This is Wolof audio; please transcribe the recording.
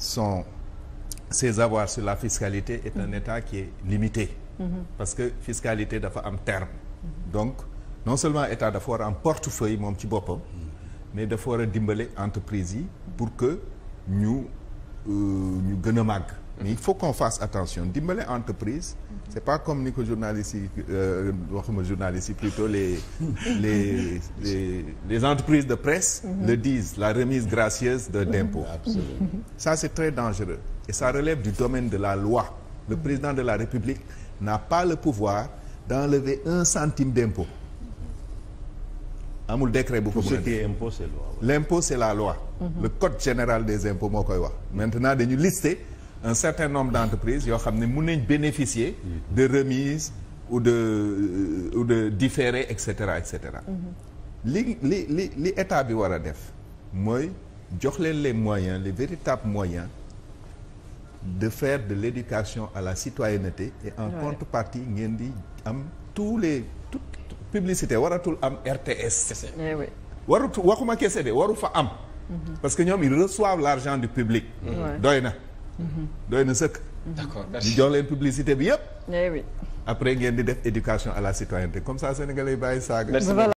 son ses avoirs sur la fiscalité est un État qui limité. parce que fiscalité dafa am terme. donc non seulement État dafa war a am portefeuille moom ci boppam. mais dafa war a dimbale entreprise yi. pour que ñu euh, ñu gën a màgg. mais il faut qu'on fasse attention dimbale entreprise c'est pas comme ni ko journalistes yi euh, waxuma journalistes yi plutôt les les les les entreprises de presse le disent la remise gracieuse de d'impôt ça c'est très dangereux et ça relève du domaine de la loi le président de la République n'a pas le pouvoir d'enlever un centime d'impôt amul décret bu ko mën a l'impôt c'est la loi mhm. le code général des impôts moo wax maintenant dañu lister un certain nombre d'entreprises yoo xam ne mun nañ bénéficier de remises ou de euh, ou de différés et cetera et cetera mm-hmm. li li li li état bi war a def mooy jox leen les moyen les véritables moyens de fair de l'éducation à la citoyenneté et en ouais. contrepartie ngeen di am tous les toute publicité waratul am RTS eh warutu waxuma kese de waru fa am mm-hmm. parce que ñoom ils reçoivent l'argent du public doy na doy na sëkk. d'accord merci ñu jox leen publicité bi yëpp. Eh oui. après ngeen di def éducation à la citoyenneté comme ça sénégalais yi bàyyi saaga.